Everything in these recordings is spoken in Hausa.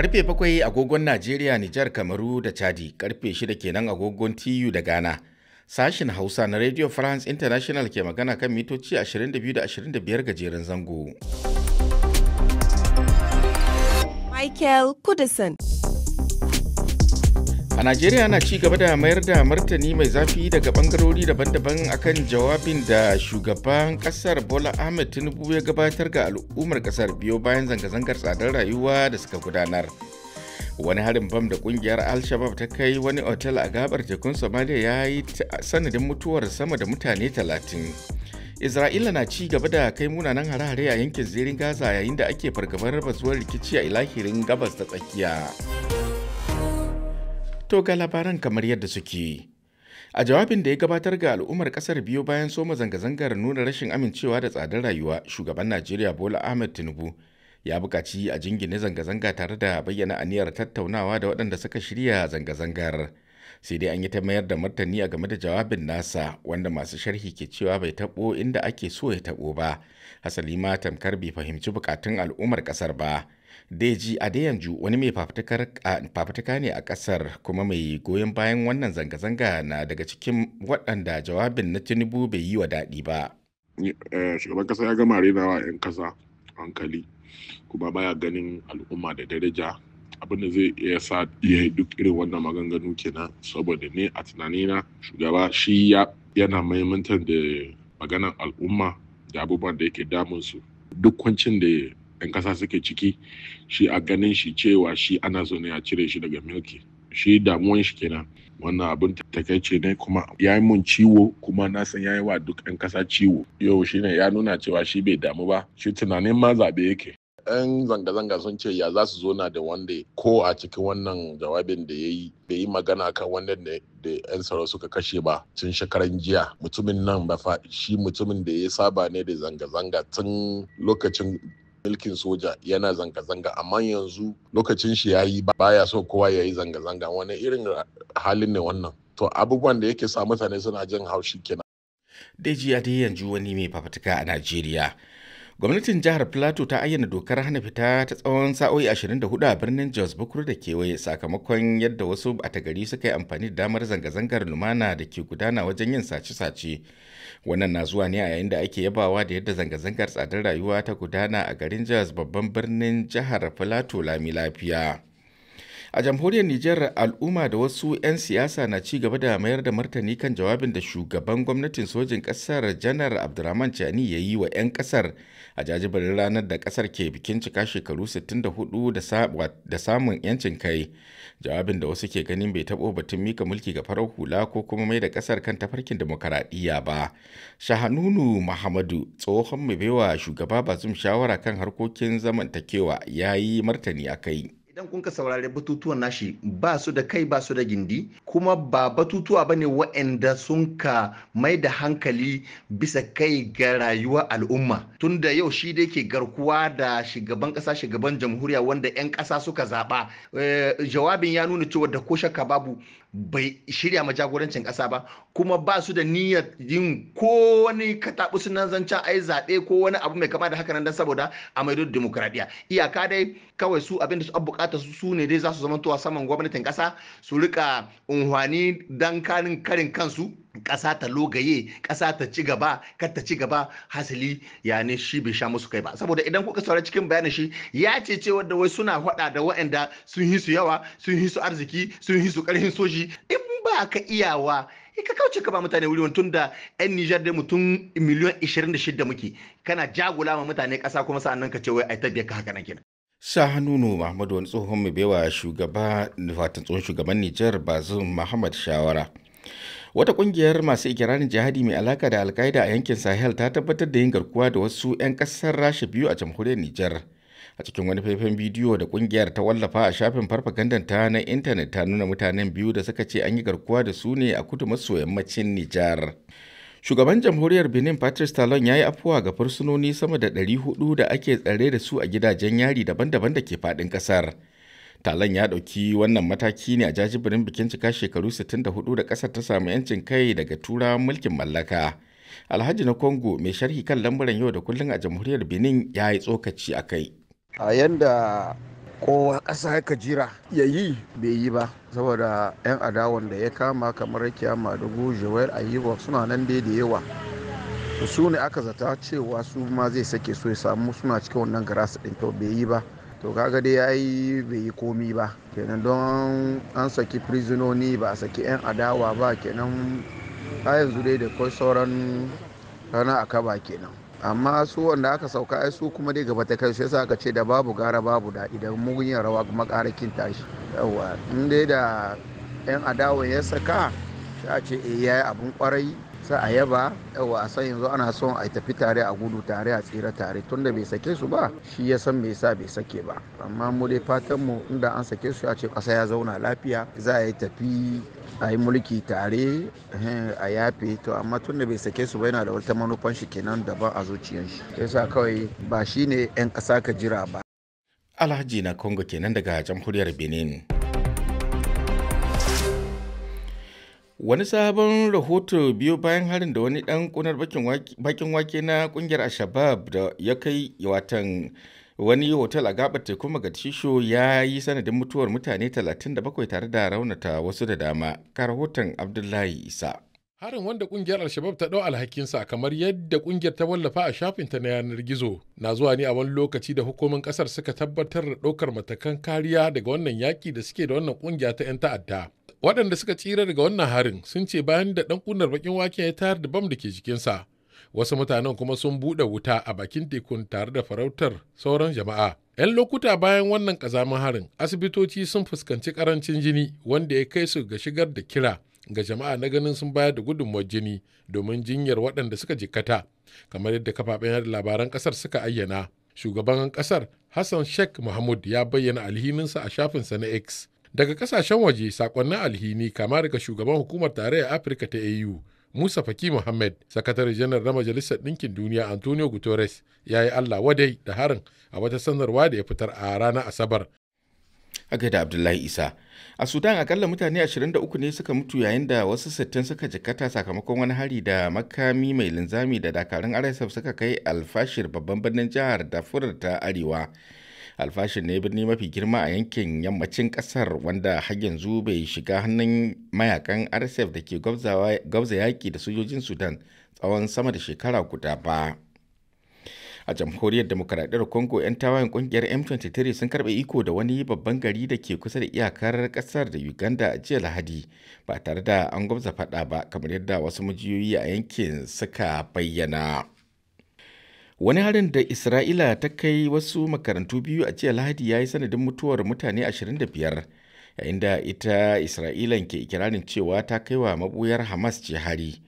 Karfe bakwai agogon Najeriya, Nijar, Kamaru da Chadi, karfe shida kenan agogon TU da Ghana. Sashin Hausa na Radio France International ke magana kan mitoci 22 25 gajeren zango. Michael Kudison. A Najeriya na ci gaba da mayar da martani mai zafi daga bangarori daban-daban akan jawabin da shugaban kasar Bola Ahmed Tinubu ya gabatar ga al'ummar kasar biyo bayan zanga-zangar tsadar rayuwa da suka gudanar. Wani harin bam da kungiyar Al-Shabaab ta kai wani otal a gabar tekun Somalia ya yi sanadin mutuwar sama da mutane talatin. Isra'ila na ci gaba da kai munanan hare-hare a yankin zirin Gaza yayin da ake fargabar zuwan rikici a ilahirin gabas da tsakiya. To ga labaran kamar yadda suke. A jawabin da ya gabatar ga al'ummar kasar biyu bayan soma zanga-zangar nuna rashin amincewa da tsadar rayuwa, shugaban Najeriya Bola Ahmed Tinubu ya bukaci a jingine zanga-zanga tare da bayyana aniyar tattaunawa da waɗanda suka shirya zanga-zangar. Sai dai an yi ta mayar da martani a game da jawabin nasa wanda masu sharhi ke cewa bai taɓo inda ake so ya taɓo ba. Hasali ma tamkar bai fahimci bukatun al'ummar ƙasar ba. Deji Adeyanju wani mai fafutuka ne a kasar kuma mai goyon bayan wannan zanga-zanga na daga cikin waɗanda jawabin na Tinubu bai yi wa daɗi ba. Eh, shugaban kasa ya gama wa 'yan kasa hankali kuma baya ganin al'umma da daraja abin da zai iya sa iya duk irin wannan maganganu kenan saboda ne a tunanina shugaba shi yana maimantar da maganan al'umma da abubuwan da yake damunsu su duk kwancin da 'yan kasa suke ciki shi a ganin shi cewa shi ana so ne a cire shi daga milki shi damuwan shi kenan wannan abin takaice ne kuma ya yi mun ciwo kuma na san ya yi wa duk 'yan kasa ciwo yau shi ne ya nuna cewa shi bai damu ba shi tunanin ma zaɓe yake 'yan zanga-zanga sun ce ya za su zo na da wanda ko a cikin wannan jawabin da ya yi bai yi magana kan wanda da 'yan tsaro suka kashe ba tun shekaran jiya mutumin nan ba fa shi mutumin da ya saba ne da zanga-zanga tun lokacin milkin soja yana zanga-zanga amma yanzu lokacin shi ya yi ya so kowa ya yi zanga-zanga wani irin halin ne wannan to abubuwan da yake sa mutane suna jin haushi kenan. Daji dai yanzu wani mai fafutuka a Najeriya gwamnatin jihar plateau ta ayyana dokar hana fita ta tsawon sa'o'i 24 a birnin jos bukuru da kewaye sakamakon yadda wasu bata gari suka yi amfani da damar zanga-zangar lumana da ke gudana wajen yin sace-sace wannan na zuwa ne a yayin da ake yabawa da yadda zanga-zangar tsadar rayuwa ta gudana a garin jos babban birnin jihar plateau lami lafiya a jamhuriyar nijar al'umma da wasu 'yan siyasa na ci gaba da mayar da martani kan jawabin da shugaban gwamnatin sojin kasar janar abdurrahman chani ya yi wa 'yan kasar a jajibirin ranar da kasar ke bikin cika shekaru 64 da samun 'yancin kai jawabin da wasu ke ganin bai taɓo batun mika mulki ga farar hula ko kuma mai da kasar kan tafarkin demokaradiyya ba shahanunu muhammadu tsohon mai baiwa shugaba bazum shawara kan harkokin zamantakewa ya yi martani a kai idan kun ka saurari batutuwan nashi ba su da kai ba su da gindi kuma ba batutuwa ba ne waɗanda sun ka mai da hankali bisa kai ga rayuwa al'umma tunda yau shi da yake garkuwa da shugaban ƙasa shugaban jamhuriya wanda 'yan ƙasa suka zaɓa eh, jawabin ya nuna cewa da ko shakka babu bai shirya ma jagorancin ƙasa ba kuma ba su da niyyar yin ko wani kataɓu sunan zancen ai zaɓe ko wani abu mai kama da haka nan saboda a maido dimokuraɗiyya iyaka dai kawai su abin da su abu kamata su ne dai za su zama a saman gwamnatin kasa su rika unhwani dan karin karin kansu ƙasa ta logaye ƙasa ta ci gaba kar ta ci gaba hasali ya ne shi bai sha musu kai ba saboda idan kuka saurari cikin bayanin shi ya ce ce wanda wai suna faɗa da waɗanda sun yi su yawa sun yi su arziki sun yi su ƙarfin soji in ba ka iyawa eh, ka kauce ka ba mutane wuri tun da yan Nijar dai mutum miliyan 26 muke kana jagula ma mutane kasa kuma sa'annan ka ce wai ai tabbiyar ka haka nan kenan sa hannunu mahmud wani tsohon mai baiwa shugaba fatan tsohon shugaban nijar bazin muhammad shawara wata kungiyar masu ikirarin jihadi mai alaka da alkaida a yankin sahel ta tabbatar da yin garkuwa da wasu 'yan kasar rasha biyu a jamhuriyar nijar a cikin wani faifan bidiyo da kungiyar ta wallafa a shafin farfagandan ta na intanet ta nuna mutanen biyu da suka ce an yi garkuwa da su ne a kudu maso yammacin nijar Shugaban jamhuriyar Benin Patrice Talon ya yi afuwa ga fursunoni sama da 400 da ake tsare da su a gidajen yari daban-daban da ke faɗin ƙasar. Talon ya ɗauki wannan mataki ne a jajibirin bikin cika shekaru 64 da ƙasar ta samu 'yancin kai daga tura mulkin mallaka. Alhaji na Congo mai sharhi kan lamuran yau da kullum a jamhuriyar Benin ya yi tsokaci a kai. a yanda kowa ƙasa ka jira ya yi bai yi ba saboda 'yan adawan da ya kama kamar kyama da gujewar ayyuwa suna nan dai da yawa su ne aka zata cewa su ma zai sake so ya samu suna cikin wannan garasa ɗin to bai yi ba to kaga dai yayi bai yi komi ba kenan don an saki prisononi ba a saki 'yan adawa ba kenan a yanzu dai da kwai sauran rana a kaba kenan amma su wanda aka sauka ai su kuma dai gaba ta kai sai yasa aka ce da babu gara babu da idan mugun rawa kuma karakin tashi yawa in dai da yan adawan ya saka sai a ce eh yayi abun kwarai sa a yaba yawa a san yanzu ana son a tafi tare a gudu tare a tsira tare tunda bai sake su ba shi ya san me yasa bai sake ba amma mu dai fatan mu inda an sake su ya ce kasa ya zauna lafiya za a yi tafi a yi mulki tare a yafe to amma tunda bai sake su ba yana da wata manufan shi kenan daban a zuciyar shi yasa kawai ba shine 'yan ƙasa ka jira ba alhaji na congo kenan daga jamhuriyar benin Wani sabon rahoto biyu bayan harin da wani dan kunar bakin wake na kungiyar Ashabab da ya kai watan wani hotel a gabar teku Magadisho ya yi sanadin mutuwar mutane 37 tare da raunata wasu da dama. Ka rahoton Abdullahi Isa. Harin wanda kungiyar Alshabab ta dau alhakinsa kamar yadda kungiyar ta wallafa a shafinta na yanar gizo na zuwa ne a wani lokaci da hukumomin kasar suka tabbatar da daukar matakan kariya daga wannan yaki da suke da wannan kungiya ta 'yan ta'adda. waɗanda suka tsira daga wannan harin sun ce bayan da ɗan ƙunar bakin waken ya tayar da bam da ke jikinsa wasu mutanen kuma sun buɗe wuta a bakin tekun tare da farautar sauran jama'a 'yan lokuta bayan wannan ƙazamin harin asibitoci sun fuskanci ƙarancin jini wanda ya kai su ga shigar da kira ga jama'a na ganin sun bayar da gudunmawar jini domin jinyar waɗanda suka jikkata kamar yadda kafafen yada labaran ƙasar suka ayyana shugaban ƙasar hassan sheikh muhammad ya bayyana alhininsa a shafinsa na x Daga kasashen waje sakonnin alhini kama daga shugaban hukumar tarayyar Afirka ta AU Musa Faki Muhammad, sakatare janar na Majalisar Ɗinkin Duniya Antonio Guterres ya yi Allah wadai da harin a wata sanarwa da ya fitar a ranar Asabar. A gaida Abdullahi Isa, a Sudan akalla mutane 23 ne suka mutu yayin da wasu sittin suka jikkata sakamakon wani hari da makami mai linzami da dakarun RSF suka kai alfashir babban birnin jihar da ta Arewa. alfashin ne birni mafi girma a yankin yammacin kasar wanda har yanzu bai shiga hannun mayakan rsf da ke gwabza yaƙi da sojojin sudan tsawon sama da shekara guda ba a jamhuriyar demokaradiyyar congo 'yan tawayen kungiyar m23 sun karbe iko da wani babban gari da ke kusa da iyakar kasar da uganda a jiya lahadi ba tare da an gwamza fada ba kamar yadda wasu majiyoyi a yankin suka bayyana Wani harin da Isra'ila ta kai wasu makarantu biyu a jiya Lahadi ya yi sanadin mutuwar mutane 25, yayin da ita isra'ila ke ikirarin cewa ta kai wa mabuyar Hamas ce hari.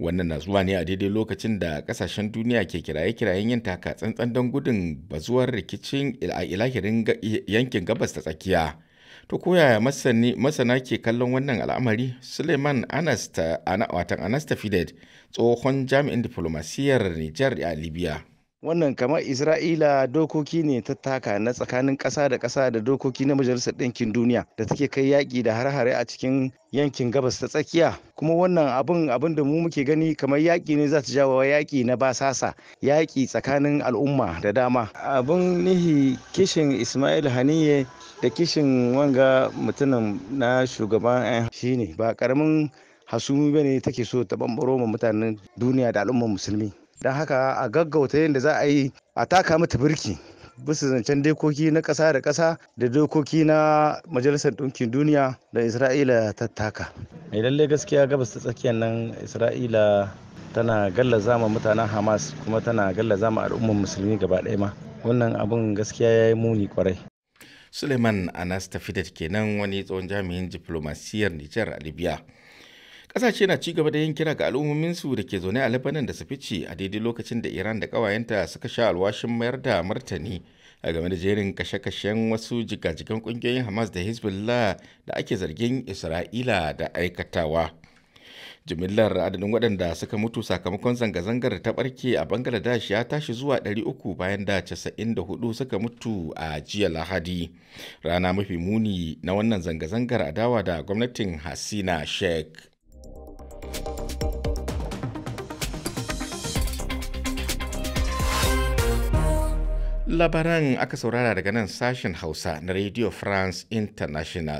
Wannan na zuwa ne a daidai lokacin da kasashen duniya ke kiraye-kirayen yin taka tsantsan don gudun bazuwar rikicin a ilahirin yankin gabas ta tsakiya. To koyaya masana ke kallon wannan al'amari Suleiman Anasta watan Anasta tsohon jami'in diflomasiyyar Nijar a Libya. wannan kamar isra'ila dokoki ne ta taka na tsakanin ƙasa da ƙasa da dokoki na majalisar ɗinkin duniya da take kai yaƙi da har-hare a cikin yankin gabas ta tsakiya kuma wannan abin abin da mu muke gani kamar yaƙi ne za ta jawo yaƙi na basasa yaƙi tsakanin al'umma da dama abin nihi kishin ismail haniye da kishin wanga mutumin na shugaban shine ba ƙaramin hasumi bane take so ta bambaro ma mutanen duniya da al'ummar musulmi don haka a gaggauta yadda za a yi a taka mata birki bisa zancen dokoki na kasa da kasa da dokoki na majalisar ɗinkin duniya da isra'ila ta taka mai lalle gaskiya gabas ta tsakiyar nan isra'ila tana gallaza ma mutanen hamas kuma tana gallaza ma al'ummar musulmi gaba ɗaya ma wannan abun gaskiya ya yi muni kwarai suleiman anas tafidat kenan wani tsohon jami'in diflomasiyyar nijar a libya kasashe na ci gaba da yin kira ga su da ke zaune a Lebanon da su fice a daidai lokacin da Iran da kawayenta suka sha alwashin mayar da martani a game da jerin kashe-kashen wasu jigajigan kungiyoyin Hamas da Hezbollah da ake zargin Isra'ila da aikatawa. jimillar adadin waɗanda suka mutu sakamakon zanga-zangar ta ɓarke a bangladesh ya tashi zuwa 300 bayan da 94 suka mutu a jiya lahadi rana mafi muni na wannan zanga-zangar adawa da gwamnatin hasina sheikh labaran aka saurara daga nan sashen hausa na radio france international